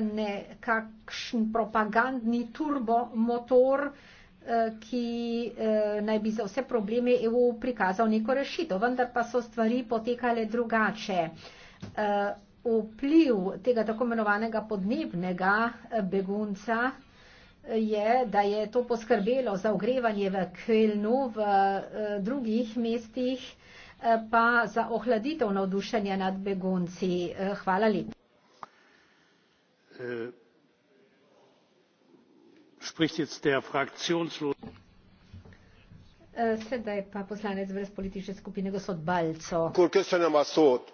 nekakšen propagandni turbomotor, eh, Eh, ki eh, naj bi za vse probleme EU prikazal neko rešitev, vendar pa so stvari potekale drugače. Eh, vpliv tega tako imenovanega podnebnega begunca je, da je to poskrbelo za ogrevanje v Kvelnu, v drugih mestih pa za ohladitev navdušenja nad begunci. Hvala lepa. E köszönöm a szót!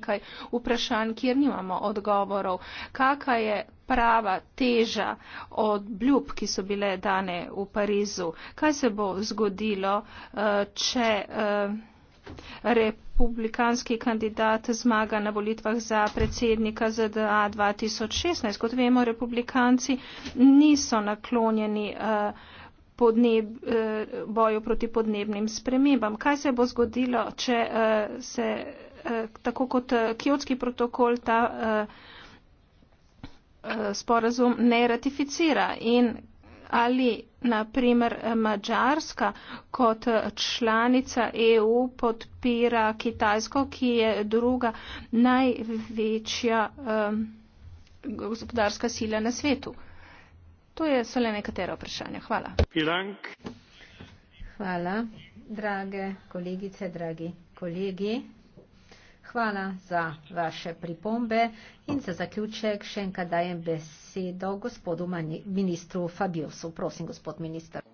nekaj vprašanj, kjer nimamo odgovorov. Kaka je prava teža od bljub, ki so bile dane v Parizu? Kaj se bo zgodilo, eh, če eh, republikanski kandidat zmaga na volitvah za predsednika ZDA 2016? Kot vemo, republikanci niso naklonjeni eh, podneb, boju proti podnebnim spremembam. Kaj se bo zgodilo, če se Eh, tako kot eh, Kjotski protokol ta eh, sporazum ne ratificira in ali naprimer Mačarska kot članica EU podpira Kitajsko, ki je druga največja gospodarska sila na svetu. To je samo nekatera vprašanja. Hvala. Pilank. Hvala, drage kolegice, dragi kolegi. Hvala za vaše pripombe in za zaključek še enkrat dajem besedo gospodu ministru Fabiusu. Prosim, gospod minister. Euh,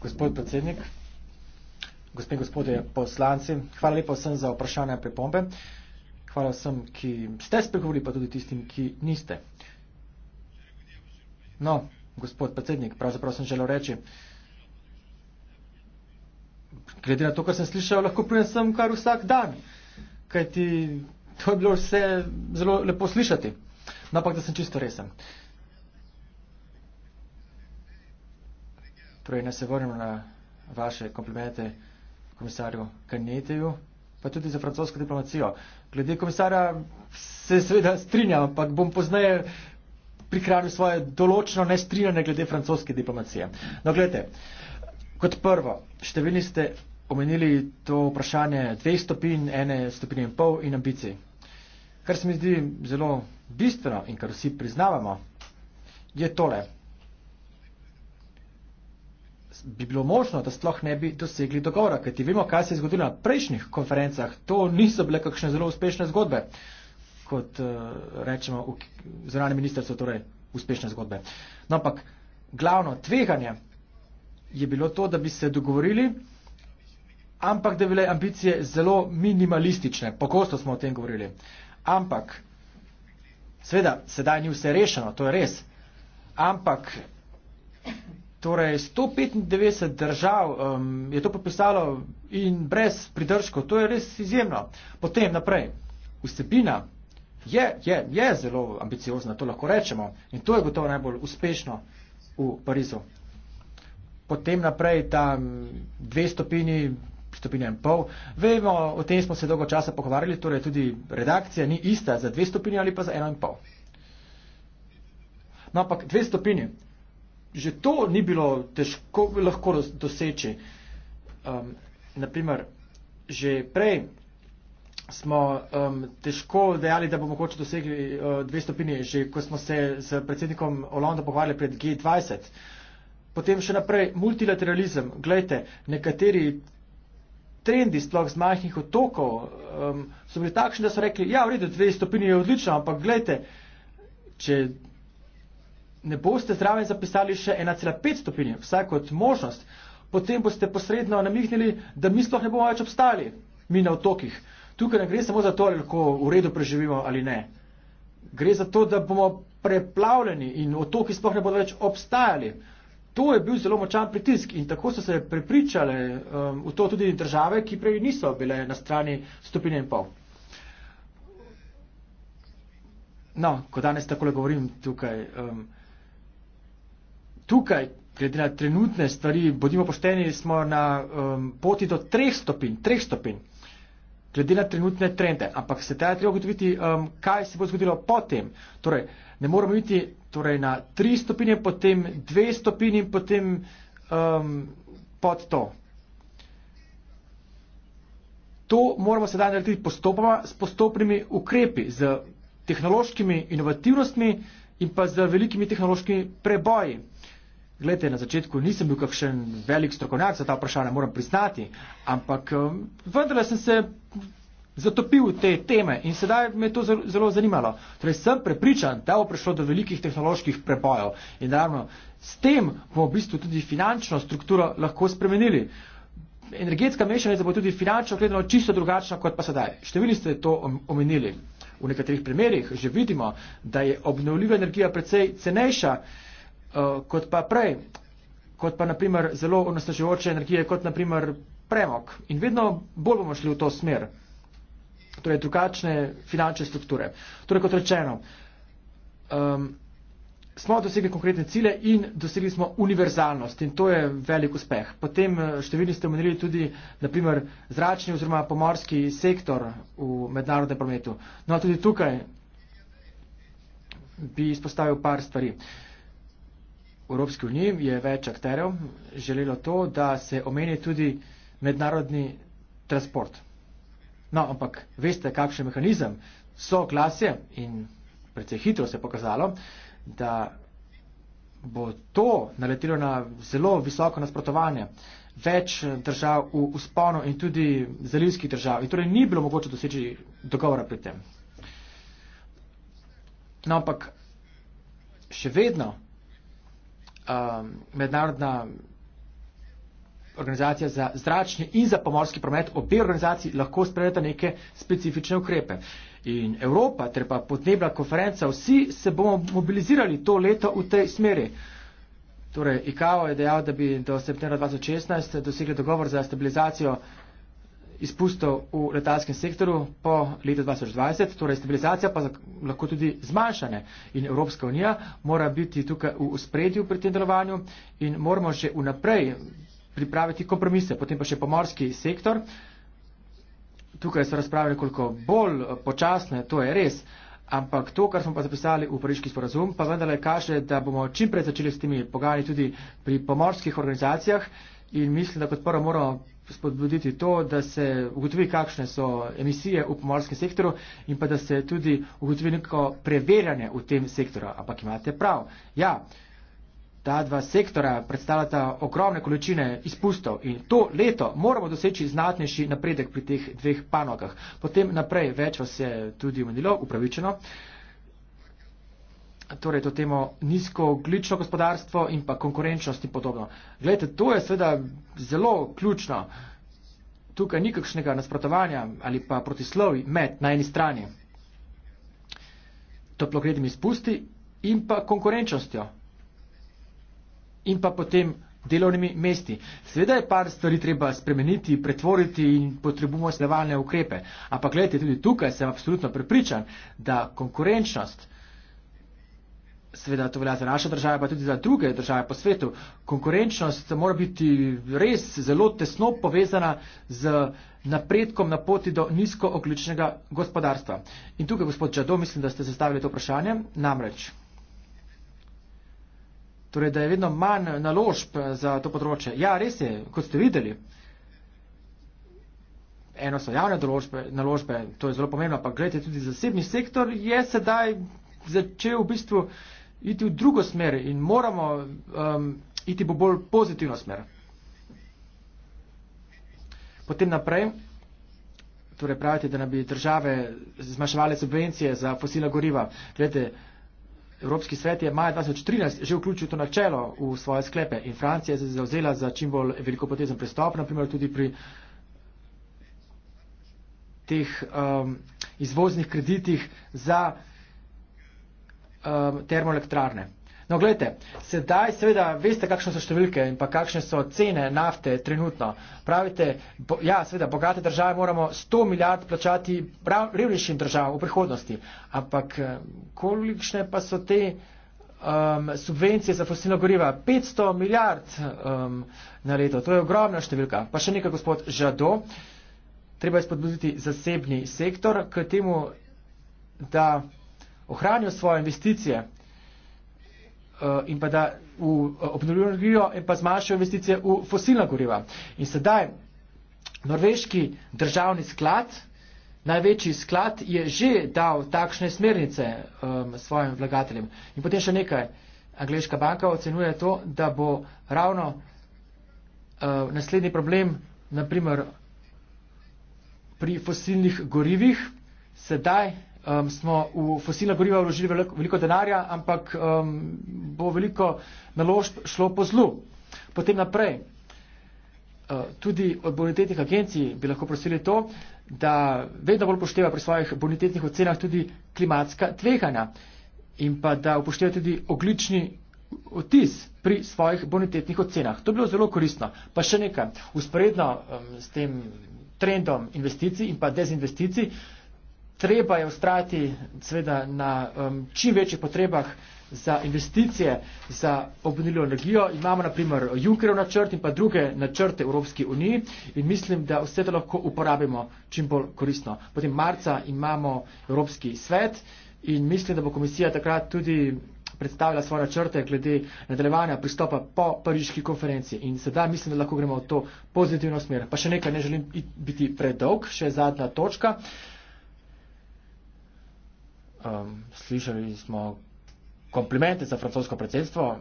gospod predsednik, gospe in gospodje poslanci, hvala lepa vsem za vprašanje in pripombe. Uh, Hvala vsem, ki ste spregovorili, pa tudi tistim, ki niste. No, gospod predsednik, pravzaprav sem želel reči, glede na to, kar sem slišal, lahko prinesem kar vsak dan, kajti to je bilo vse zelo lepo slišati. No, ampak da sem čisto resen. Torej, ne se vrnem na vaše komplimente komisarju Kanjeteju pa tudi za francosko diplomacijo. Glede komisara se seveda strinjam, ampak bom poznaje prikranil svoje določeno nestrinjanje glede francoske diplomacije. No, gledajte, kot prvo, številni ste omenili to vprašanje dveh stopin, ene stopinje in pol in ambicij. Kar se mi zdi zelo bistveno in kar vsi priznavamo, je tole bi bilo možno, da sploh ne bi dosegli dogovora, kajti vemo, kaj se je zgodilo na prejšnjih konferencah. To niso bile kakšne zelo uspešne zgodbe, kot eh, rečemo v zranjem ministrstvu, torej uspešne zgodbe. No, ampak glavno tveganje je bilo to, da bi se dogovorili, ampak da bi bile ambicije zelo minimalistične. Pogosto smo o tem govorili. Ampak, seveda, sedaj ni vse rešeno, to je res. Ampak Torej, 195 držav um, je to popisalo in brez pridržkov. To je res izjemno. Potem naprej, vsebina je, je, je zelo ambiciozna, to lahko rečemo. In to je gotovo najbolj uspešno v Parizu. Potem naprej, ta dve stopini, stopinja in pol. Vemo, o tem smo se dolgo časa pogovarjali, torej tudi redakcija ni ista za dve stopini ali pa za eno in pol. No, ampak dve stopini že to ni bilo težko, lahko doseči. Um, naprimer, že prej smo um, težko dejali, da bomo mogoče dosegli uh, dve stopini, že ko smo se z predsednikom Olanda pogovarjali pred G20. Potem še naprej multilateralizem. Glejte, nekateri trendi sploh z majhnih otokov um, so bili takšni, da so rekli, ja, v redu, dve stopini je odlično, ampak glejte, če ne boste zraven zapisali še 1,5 stopinje, vsaj kot možnost, potem boste posredno namihnili, da mi sploh ne bomo več obstali, mi na otokih. Tukaj ne gre samo za to, ali lahko v redu preživimo ali ne. Gre za to, da bomo preplavljeni in otoki sploh ne bodo več obstajali. To je bil zelo močan pritisk in tako so se prepričale um, v to tudi države, ki prej niso bile na strani stopinje in pol. No, ko danes tako govorim tukaj. Um, tukaj, glede na trenutne stvari, bodimo pošteni, smo na um, poti do treh stopinj, treh stopinj, glede na trenutne trende. Ampak se teda treba ugotoviti, um, kaj se bo zgodilo potem. Torej, ne moramo biti torej, na tri stopinje, potem dve stopinji in potem um, pod to. To moramo sedaj narediti postopoma, s postopnimi ukrepi, z tehnološkimi inovativnostmi in pa z velikimi tehnološkimi preboji. Glede, na začetku nisem bil kakšen velik strokovnjak za ta vprašanja, moram priznati, ampak um, vendarle sem se zatopil v te teme in sedaj me je to zelo zanimalo. Torej, sem prepričan, da bo prišlo do velikih tehnoloških prebojev in naravno s tem bomo v bistvu tudi finančno strukturo lahko spremenili. Energetska mešanica bo tudi finančno gledano čisto drugačna kot pa sedaj. Številni ste to omenili. V nekaterih primerjih že vidimo, da je obnovljiva energija precej cenejša. Eh, kot pa prej, kot pa naprimer zelo onesnaževoče energije, kot naprimer premog. In vedno bolj bomo šli v to smer, torej drugačne finančne strukture. Torej, kot rečeno, um, smo dosegli konkretne cilje in dosegli smo univerzalnost in to je velik uspeh. Potem eh, številni ste omenili tudi naprimer zračni oziroma pomorski sektor v mednarodnem prometu. No, tudi tukaj bi izpostavil par stvari. Uh, Evropski uniji je več akterjev želelo to, da se omeni tudi mednarodni transport. No, ampak veste, kakšen mehanizem so glasje in predvsej hitro se je pokazalo, da bo to naletilo na zelo visoko nasprotovanje več držav v usponu in tudi zalivskih držav. In torej ni bilo mogoče doseči dogovora pri tem. No, ampak še vedno Um, mednarodna organizacija za zračni in za pomorski promet, obe organizaciji lahko sprejeta neke specifične ukrepe. In Evropa, ter pa podnebna konferenca, vsi se bomo mobilizirali to leto v tej smeri. Torej, IKAO je dejal, da bi do septembra 2016 dosegli dogovor za stabilizacijo izpustov v letalskem sektoru po letu 2020, torej stabilizacija pa lahko tudi zmanjšane. In Evropska unija mora biti tukaj v spredju pri tem delovanju in moramo že vnaprej pripraviti kompromise. Potem pa še pomorski sektor. Tukaj so razprave nekoliko bolj eh, počasne, to je res. Ampak to, kar smo pa zapisali v pariški sporazum, pa vendarle kaže, da bomo čim prej začeli s temi pogajanji tudi pri pomorskih organizacijah in mislim, da kot prvo moramo spodbuditi to, da se ugotovi, kakšne so emisije v pomorskem sektoru in pa da se tudi ugotovi neko preverjanje v tem sektoru. Ampak imate prav. Ja, ta dva sektora predstavljata ogromne količine izpustov in to leto moramo doseči znatnejši napredek pri teh dveh panogah. Potem naprej več vas je tudi omenilo, upravičeno. Uh, torej to temo nizkooglično gospodarstvo in pa konkurenčnost in podobno. Glejte, to je seveda zelo ključno. Tukaj ni kakšnega nasprotovanja ali pa protislovi med na eni strani toplogrednimi izpusti in pa konkurenčnostjo in pa potem delovnimi mesti. Sveda je par stvari treba spremeniti, pretvoriti in potrebujemo snevalne ukrepe. Ampak gledajte, tudi tukaj sem absolutno prepričan, da konkurenčnost seveda to velja za našo državo, pa tudi za druge države po svetu. Konkurenčnost mora biti res zelo tesno povezana z napredkom na poti do nizkooglučnega gospodarstva. In tukaj, gospod Čado, mislim, da ste zastavili to vprašanje, namreč. Torej, da je vedno manj naložb za to področje. Ja, res je, kot ste videli. Eno so javne naložbe, naložbe, to je zelo pomembno, pa gledajte, tudi zasebni sektor je sedaj začel v bistvu iti v drugo smer in moramo um, iti v bolj pozitivno smer. Potem naprej, torej pravite, da nam bi države zmanjševale subvencije za fosila goriva. Gledajte, Evropski svet je maja 2013 že vključil to načelo v svoje sklepe in Francija se je zauzela za čim bolj velikopotezen pristop, naprimer tudi pri teh um, izvoznih kreditih za um, termoelektrarne. No, gledajte, sedaj seveda veste, kakšne so številke in pa kakšne so cene nafte trenutno. Pravite, bo, ja, seveda, bogate države moramo 100 milijard plačati prav, revnejšim državam v prihodnosti, ampak eh, kolikšne pa so te um, subvencije za fosilno goriva? 500 milijard um, na leto, to je ogromna številka. Pa še nekaj, gospod Žado, treba je spodbuditi zasebni sektor k temu, da ohranijo svoje investicije eh, in pa da v eh, obnovljivo energijo in pa zmanjšajo investicije v fosilna goriva. In sedaj norveški državni sklad, največji sklad, je že dal takšne smernice um, svojim vlagateljem. In potem še nekaj. Angliška banka ocenjuje to, da bo ravno uh, naslednji problem, naprimer pri fosilnih gorivih, sedaj um, smo v fosilna goriva vložili veliko, veliko denarja, ampak um, bo veliko naložb šlo po zlu. Potem naprej, uh, tudi od bonitetnih agencij bi lahko prosili to, da vedno bolj pošteva pri svojih bonitetnih ocenah tudi klimatska tveganja in pa da upošteva tudi oglični otis pri svojih bonitetnih ocenah. To bi bilo zelo koristno. Pa še nekaj, usporedno um, s tem trendom investicij in pa dezinvesticij, uh, treba je ustrati seveda na um, čim večjih potrebah za investicije za obnovljivo energijo. Imamo naprimer Junckerov načrt in pa druge načrte Evropske unije in mislim, da vse to lahko uporabimo čim bolj koristno. Potem marca imamo Evropski svet in mislim, da bo komisija takrat tudi predstavila svoje načrte glede nadaljevanja pristopa po pariški konferenci. In sedaj mislim, da lahko gremo v to pozitivno smer. Pa še nekaj, ne želim biti predolg, še zadnja točka. Uh, um, slišali smo komplimente za francosko predsedstvo.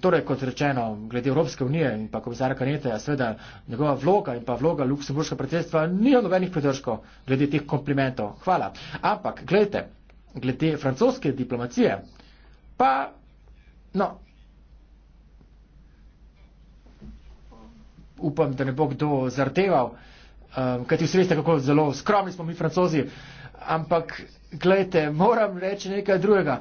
Torej, kot rečeno, glede Evropske unije in pa komisarja Kanete, seveda njegova vloga in pa vloga Luksemburška predsedstva ni o nobenih pridržkov glede teh komplimentov. Hvala. Ampak, gledajte, glede francoske diplomacije, pa, no, upam, da ne bo kdo zarteval, um, ehm, kajti vsi veste, kako zelo skromni smo mi francozi, ampak glejte, moram reči nekaj drugega.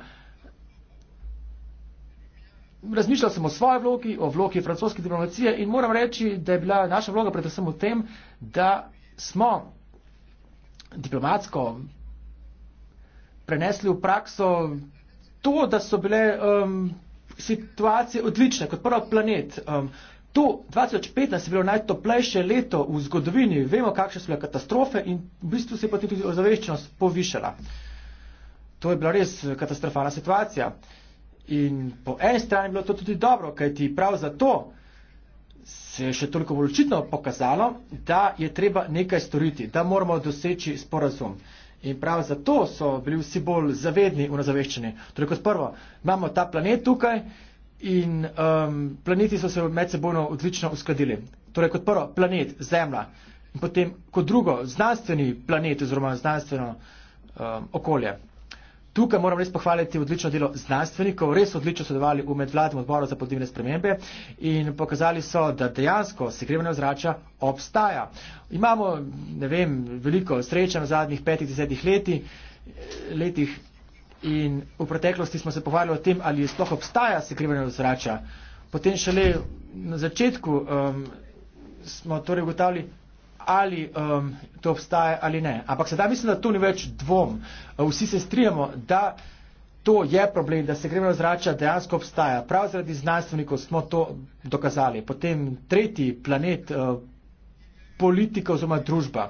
Razmišljal sem o svoji vlogi, o vlogi francoske diplomacije in moram reči, da je bila naša vloga predvsem v tem, da smo diplomatsko prenesli v prakso to, da so bile um, situacije odlične kot prvo planet. Um, to 2015 je bilo najtoplejše leto v zgodovini, vemo, kakšne so bile katastrofe in v bistvu se je potem tudi ozaveščenost povišala to je bila res eh, katastrofalna situacija. In po eni strani je bilo to tudi dobro, kajti prav zato se je še toliko bolj očitno pokazalo, da je treba nekaj storiti, da moramo doseči sporazum. In prav zato so bili vsi bolj zavedni v nazaveščini. Torej, kot prvo, imamo ta planet tukaj in um, planeti so se med sebojno odlično uskladili. Torej, kot prvo, planet, Zemlja. In potem, kot drugo, znanstveni planet oziroma znanstveno um, okolje. Tukaj moram res pohvaliti odlično delo znanstvenikov, res odlično sodelovali v medvladnem odboru za podnebne spremembe in pokazali so, da dejansko segrevanje ozrača obstaja. Imamo, ne vem, veliko sreče na zadnjih petih, desetih leti, letih in v preteklosti smo se pohvalili o tem, ali sploh obstaja segrevanje ozrača. Potem šele na začetku um, smo torej ugotavljali, ali um, to obstaja ali ne. Ampak sedaj mislim, da to ni več dvom. Vsi se strijamo, da to je problem, da se gremo zrača dejansko obstaja. Prav zaradi znanstvenikov smo to dokazali. Potem tretji planet, uh, politika oziroma družba.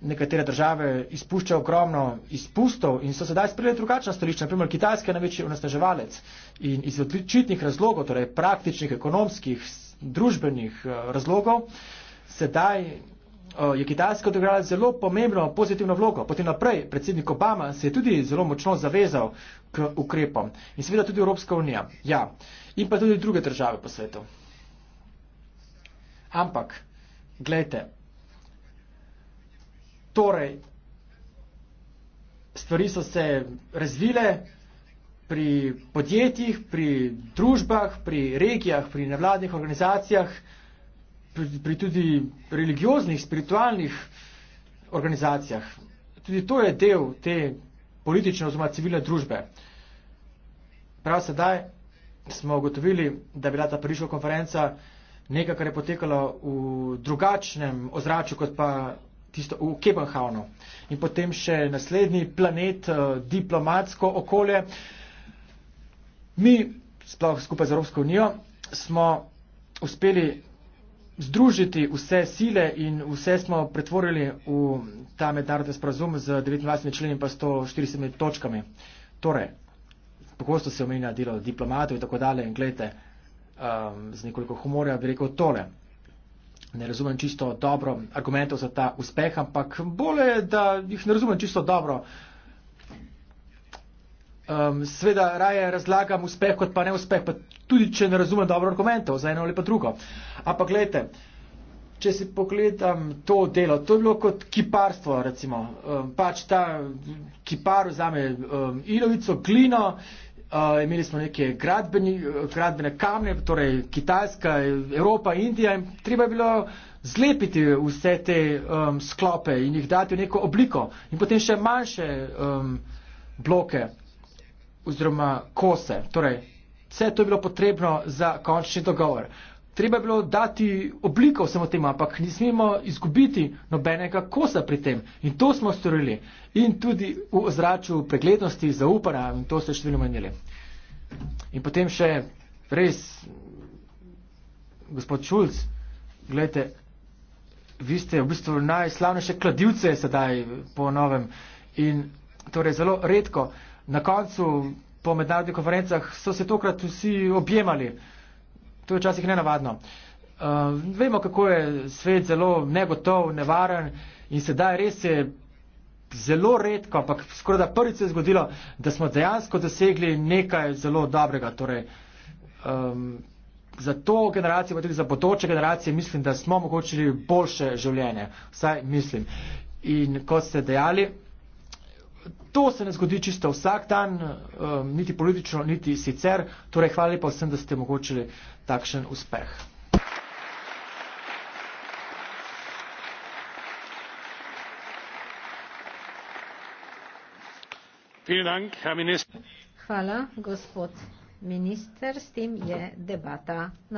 Nekatere države izpuščajo ogromno izpustov in so sedaj sprejeli drugačna stališča. Naprimer, Kitajska je največji onesnaževalec in iz odličitnih razlogov, torej praktičnih, ekonomskih, družbenih uh, razlogov, uh, sedaj je Kitajska odigrala zelo pomembno pozitivno vlogo. Potem naprej predsednik Obama se je tudi zelo močno zavezal k ukrepom in seveda tudi Evropska unija. Ja, in pa tudi druge države po svetu. Ampak, gledajte, torej, stvari so se razvile pri podjetjih, pri družbah, pri regijah, pri nevladnih organizacijah, pri, pri tudi religioznih, spiritualnih organizacijah. Tudi to je del te politične oziroma civilne družbe. Prav sedaj smo ugotovili, da je bila ta Pariška konferenca nekaj, kar je potekalo v drugačnem ozračju kot pa tisto v Kebenhavnu. In potem še naslednji planet, eh, diplomatsko okolje. Mi, sploh skupaj z Evropsko unijo, smo uspeli združiti vse sile in vse smo pretvorili v ta mednarodni sporazum z 29 členi in pa 140 točkami. Torej, pogosto se omenja delo diplomatov in tako dalje in gledajte, um, z nekoliko humorja bi rekel tole. Ne razumem čisto dobro argumentov za ta uspeh, ampak bolje je, da jih ne razumem čisto dobro, uh, Um, ehm, Sveda raje razlagam uspeh, kot pa neuspeh, pa tudi če ne razumem dobro argumentov za eno ali pa drugo. Ampak gledajte, če si pogledam to delo, to je bilo kot kiparstvo, recimo. Um, pač ta kipar vzame um, ilovico, glino, uh, imeli smo neke gradbeni, gradbene kamne, torej Kitajska, Evropa, Indija in treba je bilo zlepiti vse te um, sklope in jih dati v neko obliko in potem še manjše um, bloke oziroma kose. Torej, vse to je bilo potrebno za končni dogovor. Treba je bilo dati obliko vsemu temu, ampak ne smemo izgubiti nobenega kosa pri tem. In to smo storili. In tudi v ozraču preglednosti, zaupanja in to se številno menili. In potem še res, gospod Šulc, gledajte, vi ste v bistvu najslavnejše kladivce sedaj po novem. In torej zelo redko. Uh, na koncu po mednarodnih konferencah so se tokrat vsi objemali. To je včasih nenavadno. Uh, vemo, kako je svet zelo negotov, nevaren in sedaj res je zelo redko, ampak skoraj da prvi se je zgodilo, da smo dejansko dosegli nekaj zelo dobrega. Torej, um, za to generacijo, pa tudi za potoče generacije, mislim, da smo omogočili boljše življenje. Vsaj mislim. In kot ste dejali, To se ne zgodi čisto vsak dan, um, niti politično, niti sicer. Torej, hvala lepa vsem, da ste omogočili takšen uspeh. Hvala, gospod minister. S tem je debata na